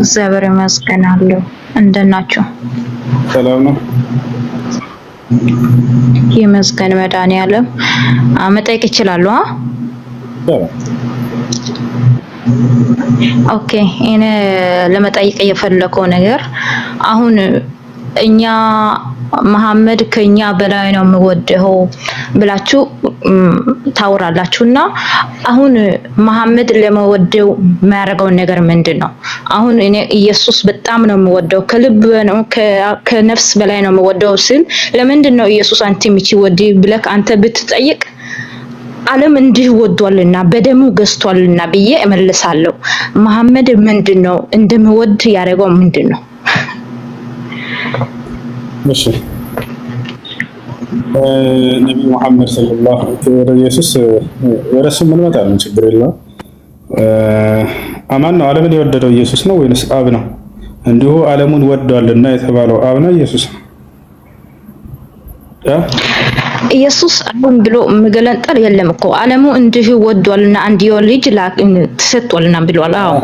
እግዚአብሔር ይመስገን አለው እንደት ናችሁ? ሰላም ነው ይመስገን መድኃኒዓለም። መጠየቅ ይችላሉ? ኦኬ እኔ ለመጠየቅ የፈለከው ነገር አሁን እኛ መሐመድ ከኛ በላይ ነው የምወደው ብላችሁ ታወራላችሁና አሁን መሐመድ ለመወደው የሚያደርገውን ነገር ምንድን ነው? አሁን እኔ ኢየሱስ በጣም ነው የምወደው ከልብ ነው ከነፍስ በላይ ነው የምወደው ሲል ለምንድን ነው ኢየሱስ አንተ ወዲ ብለክ አንተ ብትጠይቅ ዓለም እንዲህ ወዷልና በደሙ ገዝቷልና ብዬ እመልሳለሁ። መሐመድ ምንድን ነው እንደምወድ ያደረገው ምንድን ነው? እሺ ነቢ ሙሐመድ ሰለላሁ ወደ ኢየሱስ ወደ እሱ ምንመጣ ነው፣ ችግር የለውም። አማን ነው ዓለምን የወደደው ኢየሱስ ነው ወይንስ አብ ነው? እንዲሁ ዓለሙን ወዷልና የተባለው አብ ነው ኢየሱስ ነው? ኢየሱስ አሁን ብሎ መገለጠር የለም እኮ ዓለሙ እንዲሁ ወዷልና አንድ ልጅ ተሰጥቷልና ብሏል። አዎ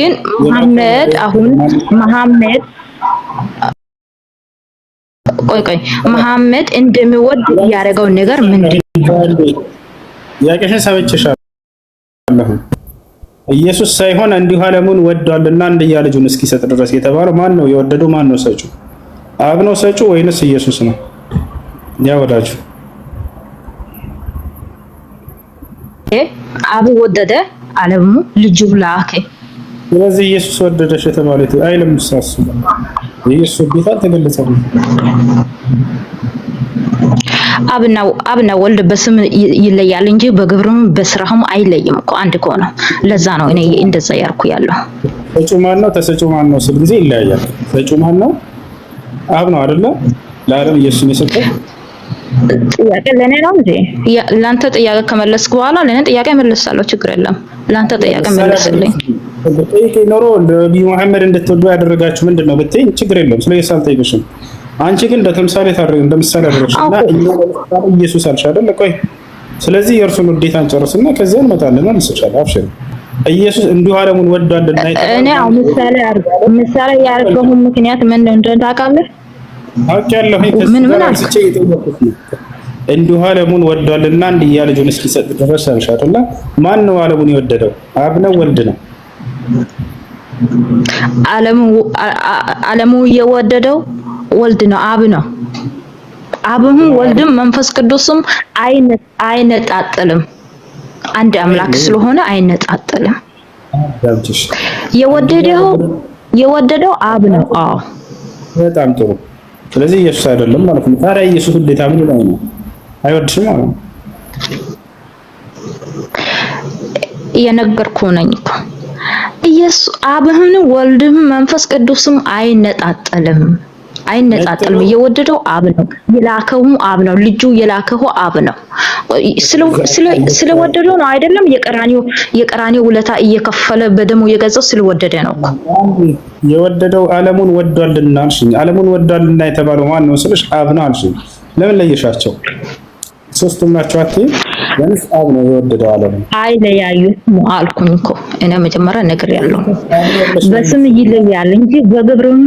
ግን መሐመድ አሁን መሐመድ ቆይ ቆይ መሐመድ እንደሚወድ ያደረገው ነገር ምንድን ነው? ጥያቄሽን ሰምቼሻለሁ። ኢየሱስ ሳይሆን እንዲሁ ዓለሙን ወዷልና አንድያ ልጁን እስኪሰጥ ድረስ የተባለው ማን ነው? የወደደው ማን ነው? ሰጩ አብ ነው ሰጪው ወይንስ ኢየሱስ ነው? ያ ወዳጁ አብ ወደደ፣ ዓለሙ ልጁ ላከ። ስለዚህ ኢየሱስ ወደደሽ የተባለው አይልም ሳሱ የእሱ ቤት አልተገለጸም። አብና ወልድ በስም ይለያል እንጂ በግብርም በስራውም አይለይም እኮ አንድ ነው። ለዛ ነው እኔ እንደዛ ያርኩ ያለው። ሰጪው ማን ነው? ተሰጪው ማን ነው ስል ጊዜ ይለያያል። ሰጪው ማን ነው? አብ ነው አይደለ? ለዓለም ኢየሱስን የሰጠው ጥያቄ ለእኔ ነው እንጂ ለአንተ ጥያቄ ከመለስክ በኋላ ለእኔ ጥያቄ መለሳለሁ። ችግር የለም። ለአንተ ጥያቄ መለስልኝ። ጠይቀኝ ኖሮ ነቢ መሐመድ እንድትወዱ ያደረጋችሁ ምንድን ነው ብትይኝ ችግር የለውም። ስለ ኢየሱስ አልጠይቅሽም። አንቺ ግን እንደ ታደረ እንደምሳሌ እንደ እና ኢየሱስ አልሽ አይደል? ቆይ ስለዚህ የእርሱን ውዴታ እንጨርስና ከዚያ እንመጣለን። አንስቻለሁ። አብሽር ኢየሱስ እንዲሁ ዓለሙን ወዷል እና እኔ አሁን ምሳሌ አርግ ምሳሌ ያርገው ምክንያት ምን እንደሆነ ታውቃለህ? አውቄያለሁ። ምን ምን አንስቼ እንዲሁ ዓለሙን ወዷልና እንድያ ልጁን እስኪሰጥ ድረስ አልሽ ማን ነው ዓለሙን የወደደው? አብ ነው? ወልድ ነው? ዓለሙ የወደደው ወልድ ነው፣ አብ ነው። አብም ወልድም መንፈስ ቅዱስም አይነጣጥልም። አንድ አምላክ ስለሆነ አይነጣጥልም። የወደደው የወደደው አብ ነው። አዎ በጣም ጥሩ። ስለዚህ ኢየሱስ አይደለም ማለት ነው። ታዲያ ኢየሱስ እንዴት አምን ነው? አይወድሽም ማለት ነው። እየነገርኩህ ነኝ እኮ ኢየሱስ አብህን ወልድም መንፈስ ቅዱስም አይነጣጠልም አይነጣጠልም። እየወደደው አብ ነው፣ የላከውም አብ ነው፣ ልጁ የላከው አብ ነው። ስለወደደው ነው አይደለም? የቀራኒው የቀራኒው ውለታ እየከፈለ በደሙ የገዛው ስለወደደ ነው እኮ የወደደው። ዓለሙን ወዷልና አልሽኝ። ዓለሙን ወዷልና የተባለው ማን ነው ስልሽ አብ ነው አልሽኝ። ለምን ለየሻቸው? ሶስቱም ናቸው አትይም? ወይስ አብ ነው የወደደው አለም? አይለያዩም አልኩኝ እኮ እኔ መጀመሪያ ነገር ያለው በስም ይለያል እንጂ በግብርም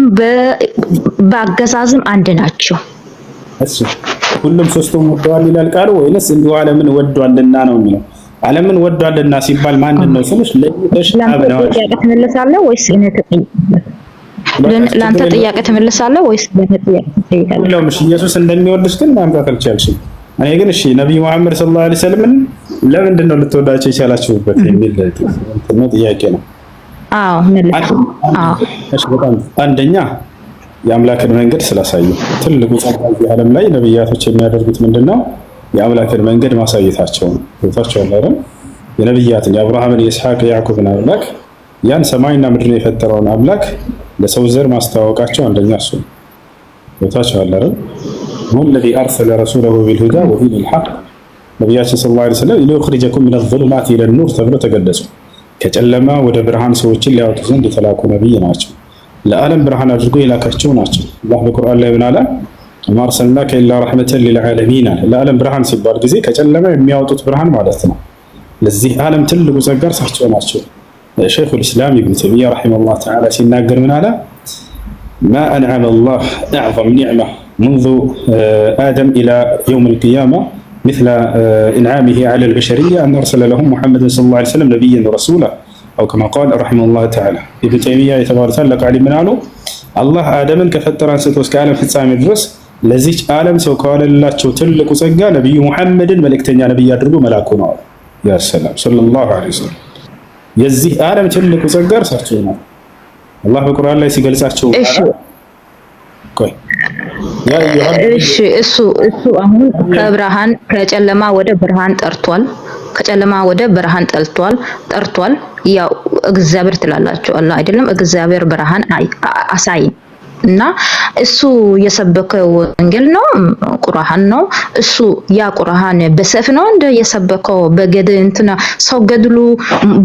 በአገዛዝም አንድ ናቸው። እሺ ሁሉም ሶስቱም ወደዋል ይላል ቃሉ ወይስ እንዲሁ ዓለምን ወዷልና ነው የሚለው? ዓለምን ወዷልና ሲባል ማንን ነው ስልሽ ለይተሽ አብ ነው ትመልሳለህ ወይስ እኔ ተጠይቀህ ለአንተ ጥያቄ ትመልሳለህ ወይስ ለእኔ ጥያቄ ትጠይቃለህ? ኢየሱስ እንደሚወድሽ ግን ማምጣት አልቻልሽም። እኔ ግን እሺ ነቢዩ መሐመድ ሰለላሁ ዐለይሂ ወሰለምን ለምንድን ነው ልትወዳቸው የቻላችሁበት የሚል ጥያቄ ነው። አዎ አንደኛ የአምላክን መንገድ ስላሳዩ ትልቁ ጸጋ ዓለም ላይ ነብያቶች የሚያደርጉት ምንድነው? የአምላክን መንገድ ማሳየታቸው ነው። ቦታቸውን ላይ የአብርሃምን፣ የኢስሐቅ፣ የያዕቁብን አምላክ ያን ሰማይና ምድርን የፈጠረውን አምላክ ለሰው ዘር ማስተዋወቃቸው አንደኛ እሱ ነው። ቦታቸው هو الذي أرسل رسوله بالهدى ودين الحق نبي صلى الله عليه وسلم ليخرجكم من الظلمات إلى النور ተብሎ ተገለጹ። ከጨለማ ወደ ብርሃን ሰዎችን ሊያወጡ ዘንድ የተላኩ ነቢይ ናቸው። ለዓለም ብርሃን አድርጎ የላካቸው ናቸው። አላህ በቁርአን ላይ ምን አለ? ማርሰልናከ ኢላ ረሕመተን ሊልዓለሚን አለ። ለዓለም ብርሃን ሲባል ጊዜ ከጨለማ የሚያወጡት ብርሃን ማለት ነው። ለዚህ ዓለም ትልቁ ጸጋ እርሳቸው ናቸው። ሸይኹ ልእስላም ኢብኑ ተይሚያ ረሒመሁላህ ተዓላ ሲናገር ምን አለ? ማ አንዓመ አላህ አዕظም ኒዕማ منذ آه، ادم الى يوم القيامه مثل آه، انعامه على البشريه ان ارسل لهم محمد صلى الله عليه وسلم نبيا ورسولا او كما قال رحمه الله تعالى ابن تيميه يتبارك لك قال من قالوا الله ادم كفتر ان ستوسك في السامي الدرس لزيج عالم سو قال الله تلك وسجى نبي محمد ملك تنيا نبي يدربو ملاكو نار يا سلام صلى الله عليه وسلم يزيه عالم تلك وسجى رسالتنا الله في القران لا يسجى لساتشو እሺ እሱ እሱ አሁን ከብርሃን ከጨለማ ወደ ብርሃን ጠርቷል። ከጨለማ ወደ ብርሃን ጠልቷል ጠርቷል። ያው እግዚአብሔር ትላላችሁ አላ አይደለም። እግዚአብሔር ብርሃን አሳይን እና እሱ የሰበከው ወንጌል ነው፣ ቁርአን ነው። እሱ ያ ቁርአን በሰፍ ነው እንደ የሰበከው በገድ እንትና ሰው ገድሉ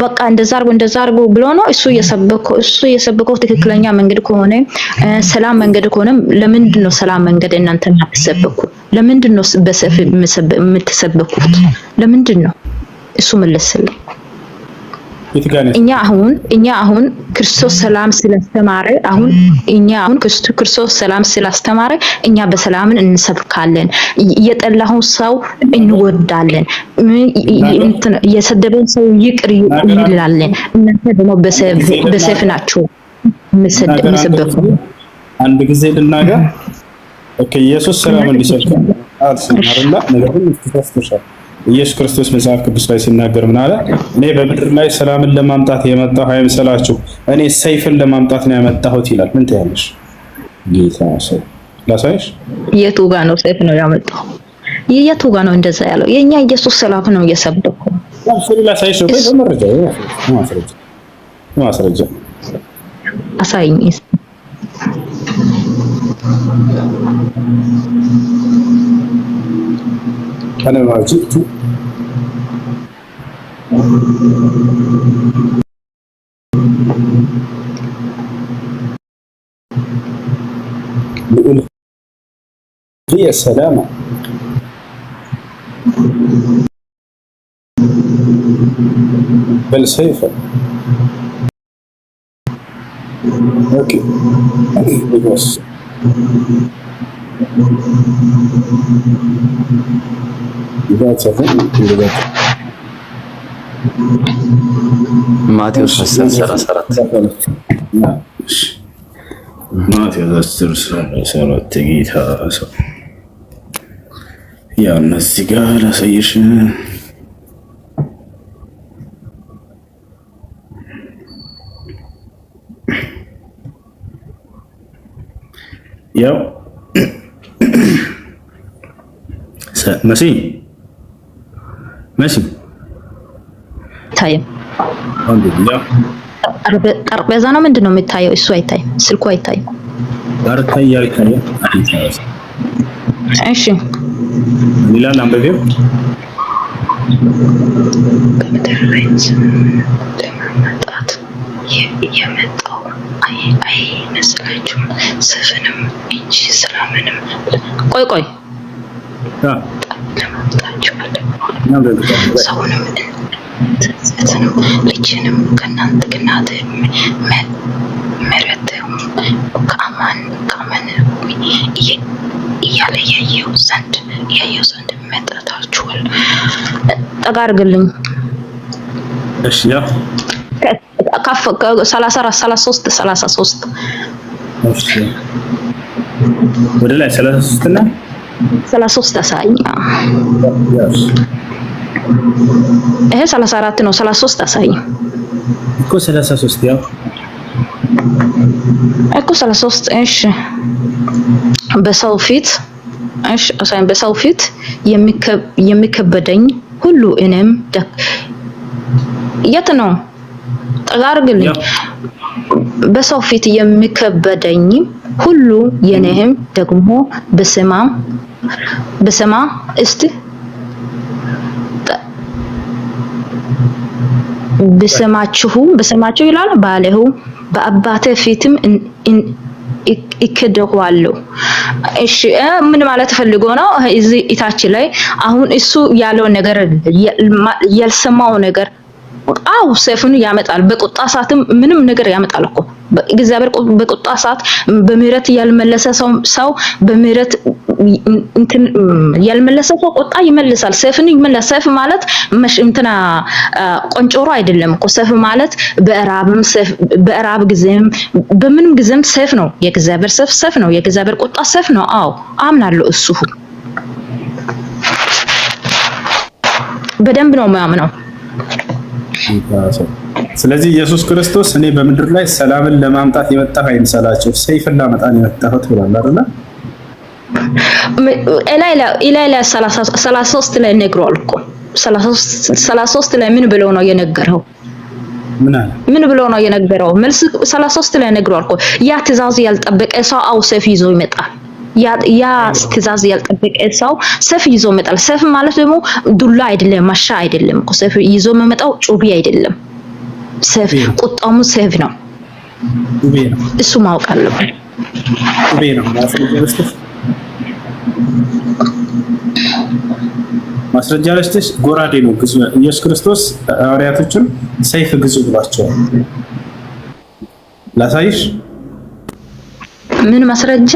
በቃ እንደዛ አርጎ እንደዛ አርጎ ብሎ ነው እሱ የሰበከው። እሱ የሰበከው ትክክለኛ መንገድ ከሆነ ሰላም መንገድ ከሆነ ለምንድን ነው ሰላም መንገድ እናንተ የምትሰበኩ? ለምንድን ነው በሰፍ የምትሰበኩት? ለምንድን ነው እሱ መለስልኝ። እኛ አሁን እኛ አሁን ክርስቶስ ሰላም ስላስተማረ አሁን እኛ አሁን ክርስቶስ ሰላም ስላስተማረ እኛ በሰላምን እንሰብካለን። የጠላሁን ሰው እንወዳለን። የሰደበን ሰው ይቅር እንላለን። እናንተ ደግሞ በሰይፍ ናቸው የምሰበኩ። አንድ ጊዜ ልናገር። ኢየሱስ ሰላም እንዲሰብክ አርሰናልና ነገር ግን ኢየሱስ ክርስቶስ መጽሐፍ ቅዱስ ላይ ሲናገር ምን አለ? እኔ በምድር ላይ ሰላምን ለማምጣት የመጣሁ አይምሰላችሁ፣ እኔ ሰይፍን ለማምጣት ነው ያመጣሁት ይላል። ምን ትያለሽ? ጌታ ሰው ላሳይሽ። የቱ ጋ ነው ሰይፍ ነው ያመጣው? የቱ ጋ ነው እንደዛ ያለው? የእኛ ኢየሱስ ሰላም ነው እየሰበኩ ማስረጃ አሳይኝ أنا ما جئت لألقي سلاما بل سيفا اوكي بس ማቴዎስ 10፡34 ጌታ ሰው ያው እነዚህ ጋር ላሳየሽ ያው መሲ መሲ ጠረጴዛ ነው ምንድን ነው የሚታየው? እሱ አይታይም፣ ስልኩ አይታይም። እሺ ይላል አንበቤው የመጣው አይመስላችሁም? ሰፍንም ቆይ ቆይ ሰውንም ጽጽትንም ልጅንም ከእናንተ ቅናት ምሕረትም ከአማናዊ እያለ ያየው ዘንድ ያየው ዘንድ ጠጋ አድርግልኝ። እሺ ያ ከፍ ሰላሳ አራት ሰላሳ ሶስት ሰላሳ ሶስት ወደ ላይ ሰላሳ ሦስት ሰላሳ ሶስት አሳየኝ። ይሄ ሰላሳ ነው። ሰላሳ ሶስት እኮ ሰላሳ ሶስት ያው እኮ ሰላሳ ሶስት እሺ። በሰው ፊት እሺ፣ አሳየኝ በሰው ፊት የሚከበደኝ ሁሉ እኔም የት ነው ጠጋርግልኝ በሰው ፊት የሚከበደኝ ሁሉ የኔህም ደግሞ በስማም ብስማ እስቲ ብስማችሁ ብስማችሁ ይላል ባለሁ በአባተ ፊትም ይክድኋለሁ። እሺ ምን ማለት ፈልጎ ነው? እዚህ ኢታች ላይ አሁን እሱ ያለው ነገር ያልሰማው ነገር አው ሰይፉን ያመጣል። በቁጣ ሰዓትም ምንም ነገር ያመጣል እኮ እግዚአብሔር። በቁጣ ሰዓት በምህረት ያልመለሰ ሰው ሰው በምህረት እንትን ያልመለሰ ሰው ቆጣ ይመልሳል። ሰይፍን ይመለስ። ሰይፍ ማለት እንትና ቆንጮሮ አይደለም እኮ ሰይፍ ማለት በእራብም ሰይፍ በእራብ ጊዜም በምንም ጊዜም ሰይፍ ነው። የእግዚአብሔር ሰይፍ ሰይፍ ነው። የእግዚአብሔር ቆጣ ሰይፍ ነው። አዎ አምናለሁ። እሱ በደንብ ነው የማምነው። ስለዚህ ኢየሱስ ክርስቶስ እኔ በምድር ላይ ሰላምን ለማምጣት የመጣሁ አይምሰላቸው ሰይፍን ላመጣ ነው የመጣሁት ብሏል አይደል? ኢላይላ ሰላሳ ሶስት ላይ ነግሯል እኮ ሰላሳ ሶስት ላይ ምን ብለው ነው የነገረው? ምን ብሎ ነው የነገረው? መልስ 33 ላይ ነግሯል እኮ ያ ትእዛዝ ያልጠበቀ ሰው አው ሰፍ ይዞ ይመጣል። ያ ትእዛዝ ያልጠበቀ ሰው ሰይፍ ይዞ ይመጣል። ሰይፍ ማለት ደግሞ ዱላ አይደለም፣ ማሻ አይደለም እኮ ሰይፍ ይዞ የሚመጣው ጩቤ አይደለም። ሰይፍ ቁጣሙ ሰይፍ ነው። እሱ ማወቅ አለብን። ማስረጃ ለሽተሽ ጎራዴ ነው ግዙ። ኢየሱስ ክርስቶስ ሐዋርያቶችን ሰይፍ ግዙ ብሏቸዋል። ላሳይሽ። ምን ማስረጃ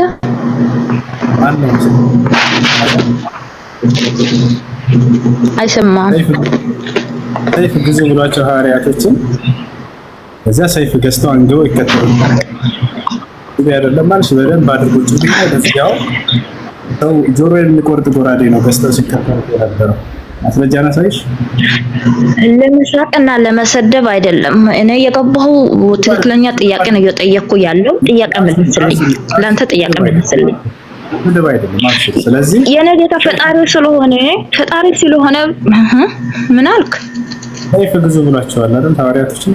አይሰማም። ሰይፍ ግዙ ብሏቸው ሐዋርያቶችን እዚያ ሰይፍ ገዝተው አንግበው ይከተሉ። ይሄ አይደለም ማለት በደንብ አድርጎ ሰው ጆሮ የሚቆርጥ ጎራዴ ነው ገዝተው ሲከፈል የነበረው። ማስረጃ ናሳይሽ። ለመሳቅ እና ለመሰደብ አይደለም። እኔ የገባሁ ትክክለኛ ጥያቄ ነው እየጠየቅኩ ያለው። ጥያቄ መልስልኝ፣ ለአንተ ጥያቄ መልስልኝ። ስለዚህ የእኔ ጌታ ፈጣሪ ስለሆነ ፈጣሪ ስለሆነ ምን አልክ? ሰይፍ ግዙ ብሏቸዋል አይደል ሐዋርያቶችን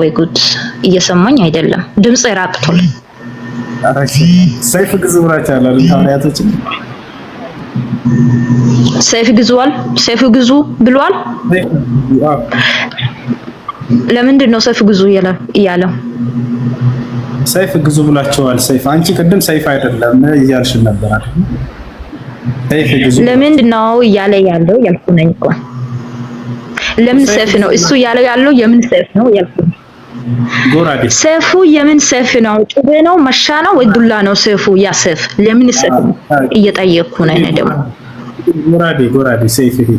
ወይ ጉድ! እየሰማኝ አይደለም ድምፅ ራቅቷል። ሰይፍ ግዙ ብራች አለ ሐዋርያቶች ሰይፍ ግዙዋል፣ ሰይፍ ግዙ ብሏል። ለምንድን ነው ሰይፍ ግዙ እያለው? ሰይፍ ግዙ ብሏቸዋል። ሰይፍ አንቺ ቅድም ሰይፍ አይደለም እያልሽን ነበር አይደል? ሰይፍ ግዙ ለምንድን ነው እያለ ያለው ያልኩ ነኝ እኮ። ለምን ሰይፍ ነው እሱ እያለው ያለው? የምን ሰይፍ ነው ያልኩ ሰይፉ የምን ሰይፍ ነው? ጩቤ ነው? መሻ ነው ወይ ዱላ ነው? ሰይፉ ያ ሰይፍ ለምን ሰይፍ እየጠየቅኩ ነው። እኔ ደግሞ ጎራዴ ጎራዴ ሰይፍ ይሄ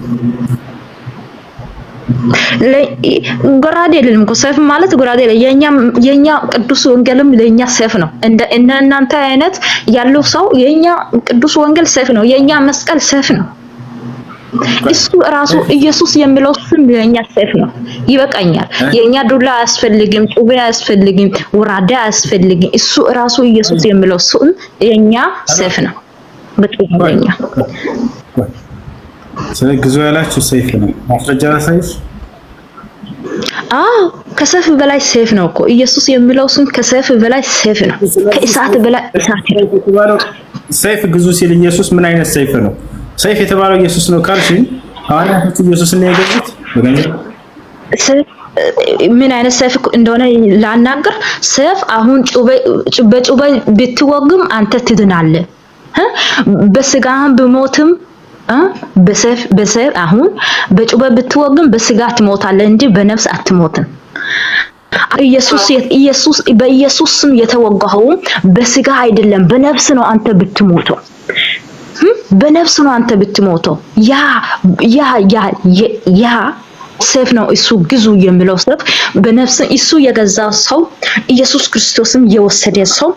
ጎራዴ የለንም እኮ ሰይፍ ማለት ጎራዴ የለም። የኛ የኛ ቅዱስ ወንጌልም ለኛ ሰይፍ ነው። እንደ እናንተ አይነት ያለው ሰው የኛ ቅዱስ ወንጌል ሰይፍ ነው። የኛ መስቀል ሰይፍ ነው። እሱ ራሱ ኢየሱስ የሚለው ስም ለኛ ሰይፍ ነው። ይበቃኛል። የኛ ዱላ አያስፈልግም፣ ጩቤ አያስፈልግም፣ ወራዳ አያስፈልግም። እሱ ራሱ ኢየሱስ የሚለው ስም የኛ ሰይፍ ነው። በጥቅምኛ ግዙ ያላችሁ ሰይፍ ነው። ማስረጃ ሰይፍ አዎ ከሰይፍ በላይ ሰይፍ ነው እኮ ኢየሱስ የሚለው ስም ከሰይፍ በላይ ሰይፍ ነው። ከእሳት በላይ እሳት ነው። ሰይፍ ግዙ ሲል ኢየሱስ ምን አይነት ሰይፍ ነው? ሰይፍ የተባለው ኢየሱስ ነው ካልሽኝ ሐዋርያቶቹ ኢየሱስን ነው የገዙት በገንዘብ ምን አይነት ሰይፍ እንደሆነ ላናገር። ሰይፍ አሁን በጩቤ ብትወግም አንተ ትድናለህ። በስጋህም ብሞትም በሰይፍ በሰይፍ አሁን በጩቤ ብትወግም በስጋ ትሞታለህ እንጂ በነፍስ አትሞትም። ኢየሱስ ኢየሱስ በኢየሱስ ስም የተወጋኸው በስጋ አይደለም በነፍስ ነው አንተ ብትሞተው በነፍስ ነው አንተ ብትሞተው። ያ ያ ያ ያ ሰይፍ ነው እሱ ግዙ የሚለው ሰይፍ በነፍስ እሱ የገዛ ሰው ኢየሱስ ክርስቶስም የወሰደ ሰው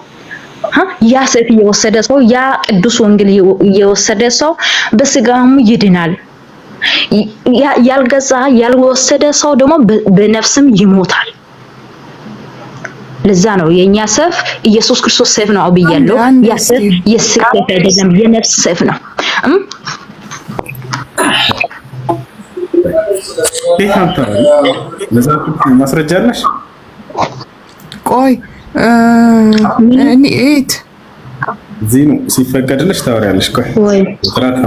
ያ ሰይፍ የወሰደ ሰው ያ ቅዱስ ወንጌል የወሰደ ሰው በስጋም ይድናል። ያልገዛ ያልወሰደ ሰው ደግሞ በነፍስም ይሞታል። ለዛ ነው የኛ ሰፍ ኢየሱስ ክርስቶስ ሰፍ ነው ብያለሁ። ያ ሰይፍ የስለት አይደለም፣ የነፍስ ሰፍ ነው። ማስረጃ አለሽ? ቆይ እኔት ዚኑ ሲፈቀድልሽ ታወሪያለሽ። ቆይ ወይ ትራታ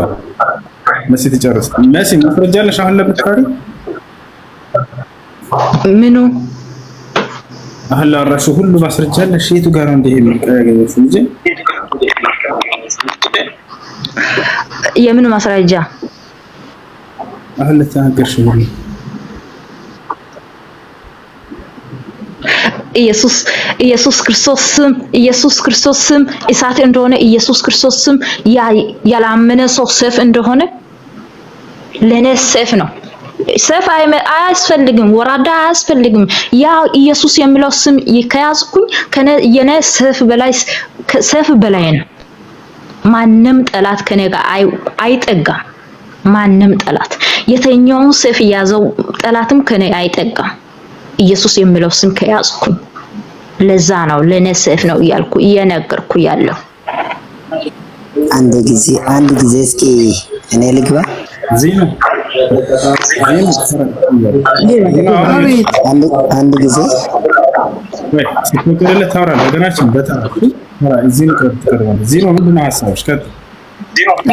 መሲ ትጨርስ። መሲ ማስረጃ አለሽ? አሁን ለምታወሪ ምኑ አሁን ላወራሹ ሁሉ ማስረጃ አለሽ። የቱ ጋር ነው እንደዚህ የሚቀያገበሽ እንጂ የምን ማስረጃ አሁን ለተናገርሽ ሁሉ ኢየሱስ ኢየሱስ ክርስቶስ ስም ኢየሱስ ክርስቶስ ስም እሳት እንደሆነ ኢየሱስ ክርስቶስ ስም ያላመነ ሰው ሰፍ እንደሆነ ለእኔ ሰፍ ነው። ሰፋ አያስፈልግም፣ ወራዳ አያስፈልግም። ያ ኢየሱስ የሚለው ስም ከያዝኩኝ የነ ሰፍ በላይ ሰፍ በላይ ነው። ማንም ጠላት ከኔ ጋር አይጠጋም። ማንም ጠላት የተኛውን ሰፍ የያዘው ጠላትም ከኔ አይጠጋም። ኢየሱስ የሚለው ስም ከያዝኩኝ ለዛ ነው ለኔ ሰፍ ነው እያልኩ እየነገርኩ ያለው። አንድ ጊዜ አንድ ጊዜ እስኪ እኔ ልግባ እዚህ ነው አንድ ጊዜ ታወራለህ።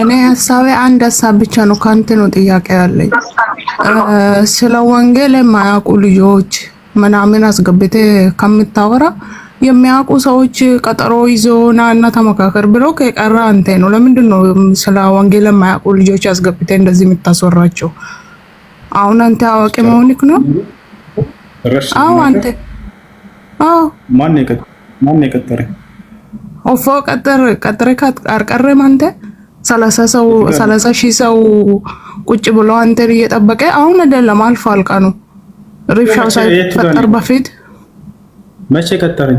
እኔ ሀሳቤ አንድ ሀሳብ ብቻ ነው። ከአንተ ነው ጥያቄ ያለኝ። ስለ ወንጌል የማያውቁ ልጆች ምናምን አስገብቴ ከምታወራ የሚያውቁ ሰዎች ቀጠሮ ይዞ ና እና ተመካከር ብለው ከቀረ አንተ ነው። ለምንድን ነው ስለ ወንጌል የማያውቁ ልጆች አስገብተ እንደዚህ የምታስወራቸው? አሁን አንተ አዋቂ መሆንክ ነው። አዎ አንተ አዎ ማን የቀጠረ ኦፎ ቀጠር ቀጠረ አርቀረም አንተ ሰላሳ ሰው ሰላሳ ሺህ ሰው ቁጭ ብሎ አንተ እየጠበቀ አሁን አይደለም አልፎ አልቃ ነው ሳይፈጠር በፊት መቼ ቀጠረኝ?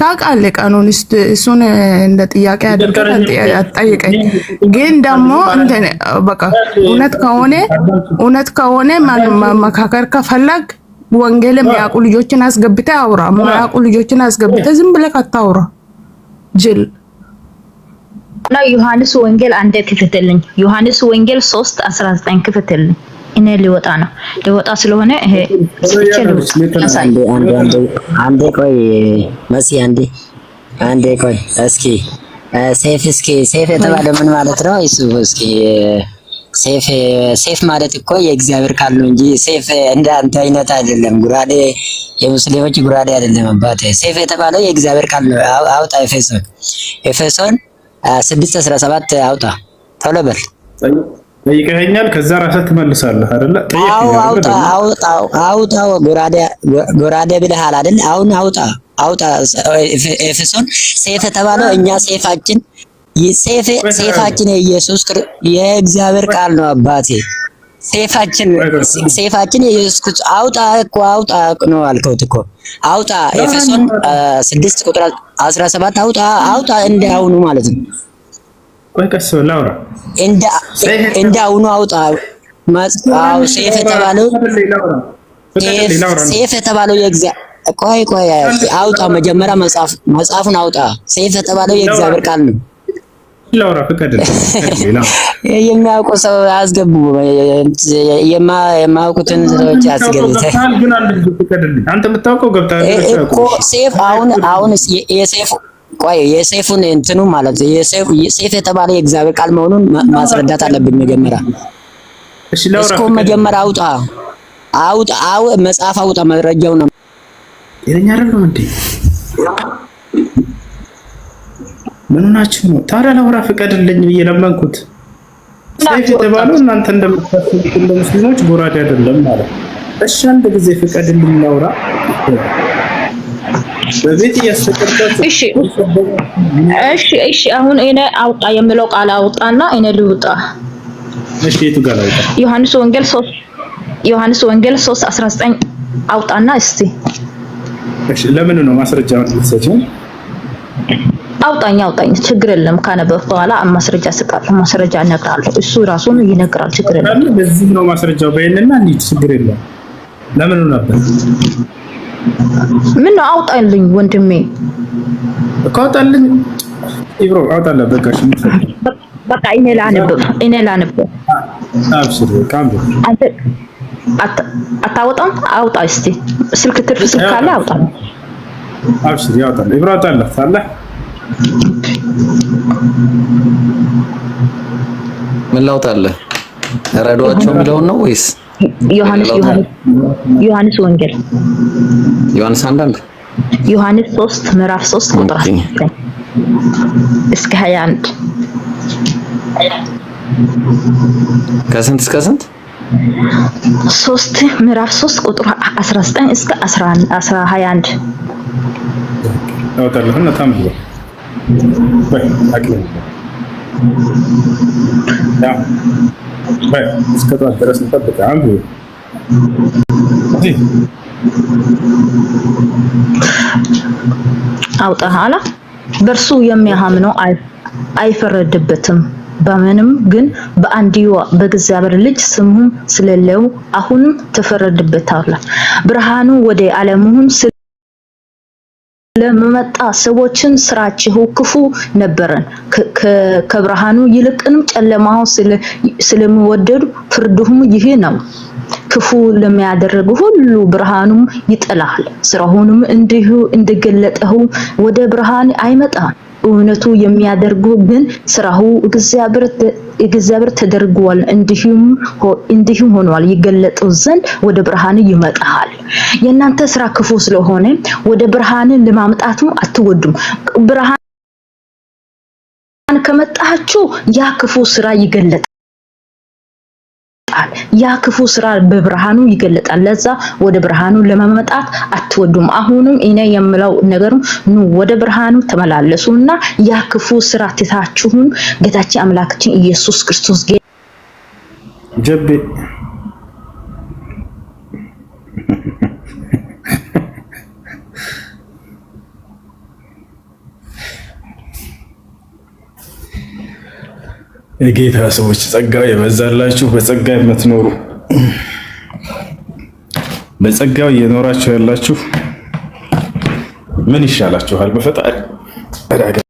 ታውቃለህ ቀኑን። እሱን እንደ ጥያቄ አድርገን አጠይቀኝ። ግን ደግሞ በቃ እውነት ከሆነ እውነት ከሆነ መመካከር ከፈለግ ወንጌል የሚያውቁ ልጆችን አስገብተ አውራ። የማያውቁ ልጆችን አስገብተ ዝም ብለህ አታውራ ጅል። ዮሐንስ ወንጌል አንድ ክፍትልኝ። ዮሐንስ ወንጌል 3 19 ክፍትልኝ እኔ ሊወጣ ነው ሊወጣ ስለሆነ ይሄ ስልቼ አንዴ ቆይ መሲ አንዴ አንዴ ቆይ እስኪ ሴፍ እስኪ ሴፍ የተባለ ምን ማለት ነው? እሱ እስኪ ሴፍ ሴፍ ማለት እኮ የእግዚአብሔር ቃል ነው እንጂ ሴፍ እንደ አንተ አይነት አይደለም። ጉራዴ የሙስሊሞች ጉራዴ አይደለም። አባቴ ሴፍ የተባለው የእግዚአብሔር ቃል ነው። አውጣ ኤፌሶን ኤፌሶን 6:17 አውጣ ቶሎ በል ጠይቀኸኛል። ከዛ ራስህ ትመልሳለህ አይደለ? አውጣው ጎራዴ ብለሃል አይደል? አሁን አውጣ አውጣ። ኤፌሶን ሴፍ የተባለው እኛ ሴፋችን ሴፋችን የኢየሱስ የእግዚአብሔር ቃል ነው አባቴ። ሴፋችን ሴፋችን የኢየሱስ ክርስቶስ አውጣ እኮ አውጣ ነው አልከውት እኮ አውጣ። ኤፌሶን 6 ቁጥር 17 አውጣ አውጣ፣ እንደ አሁኑ ማለት ነው ቆይ ቀስ ብለህ አውራ። እንደ አሁኑ አውጣ ሴፍ የተባለው ሴፍ የተባለው ቆይ ቆይ አውጣ መጀመሪያ መጽሐፉን አውጣ። ሴፍ የተባለው የእግዚአብሔር ቃል ነው። ላውራ ፍቀድ። የሚያውቁ ሰው አስገቡ፣ የማያውቁትን ሰዎች አስገቡ። አንተ የምታውቀው ገብታ ሴፍ አሁን አሁን የሴፍ ቆይ የሰይፉን እንትኑ ማለት ሰይፍ የተባለ የእግዚአብሔር ቃል መሆኑን ማስረዳት አለብን። መጀመሪያ እስኮ መጀመሪያ አውጣ አውጣ አው መጽሐፍ አውጣ መረጃው ነው። ጤነኛ አይደለም እንዴ? ምን ናችሁ ነው ታዲያ? ለውራ ፍቀድልኝ ብዬ ለመንኩት። ሰይፍ የተባለው እናንተ እንደምታስቡት ለሙስሊሞች ጎራዴ አይደለም ማለት እሺ፣ አንድ ጊዜ ፍቀድልኝ ለውራ እሺ አሁን እኔ አውጣ የምለው ቃል አውጣና እኔ ልውጣ። እሺ የቱ ጋር አውጣ? ዮሐንስ ወንጌል 3 ዮሐንስ ወንጌል 3 19 አውጣና እስቲ። እሺ ለምን ነው ማስረጃ የምትሰጪው? አውጣኝ አውጣኝ፣ ችግር የለም ካነበብኩ በኋላ ማስረጃ ስጣለሁ፣ ማስረጃ እነግራለሁ። እሱ ራሱን ይነግራል፣ ችግር የለም። በዚህ ነው ማስረጃው። በይንና እንሂድ፣ ችግር የለም። ለምን ነበር ምን ነው አውጣልኝ፣ ወንድሜ እኮ አውጣልኝ፣ ኢብሮ አውጣላ። በቃ እሺ፣ በቃ እኔ ላንብብ፣ እኔ ላንብብ። አብሽር፣ ካምብ አታወጣም? አውጣ እስቲ፣ ስልክ ትርፍ ስልክ ካለ አውጣ። አብሽር፣ ያውጣል። ኢብሮ አውጣላ ታላ ምን ላውጣለህ? ረዷቸው የሚለውን ነው ወይስ ዮሐንስ ዮሐንስ ዮሐንስ ወንጌል ዮሐንስ አንዳንድ ዮሐንስ 3 ምዕራፍ 3 ቁጥር እስከ 21 ከስንት እስከ ስንት? 3 ምዕራፍ 3 ቁጥር 19 እስከ 21 እስከ ጠዋት ድረስ እንጠብቅ። አውጣሃላ በእርሱ የሚያምነው አይፈረድበትም። በምንም ግን በአንድዋ በእግዚአብሔር ልጅ ስሙ ስለሌለው አሁንም ትፈረድበታለህ። ብርሃኑ ወደ ዓለሙን ለመመጣ ሰዎችን ስራችሁ ክፉ ነበረን ከብርሃኑ ይልቅንም ጨለማው ስለሚወደዱ ፍርድሁም ይሄ ነው። ክፉ ለሚያደርግ ሁሉ ብርሃኑም ይጥላል ስራሁንም እንዲሁ እንደገለጠው ወደ ብርሃን አይመጣም። እውነቱ የሚያደርጉ ግን ስራው እግዚአብሔር ተደርጓል እንዲሁም ሆኗል ይገለጡ ዘንድ ወደ ብርሃን ይመጣል። የእናንተ ስራ ክፉ ስለሆነ ወደ ብርሃን ለማምጣቱ አትወዱም። ብርሃን ከመጣችሁ ያ ክፉ ስራ ይገለጣል። ይጠፋል። ያ ክፉ ስራ በብርሃኑ ይገለጣል። ለዛ ወደ ብርሃኑ ለመመጣት አትወዱም። አሁንም እኔ የምለው ነገር ኑ ወደ ብርሃኑ ተመላለሱና ያ ክፉ ስራ ትታችሁን ጌታችን አምላካችን ኢየሱስ ክርስቶስ ጀቤ የጌታ ሰዎች ጸጋ የበዛላችሁ በጸጋ የምትኖሩ በጸጋ እየኖራችሁ ያላችሁ ምን ይሻላችኋል? በፈጣሪ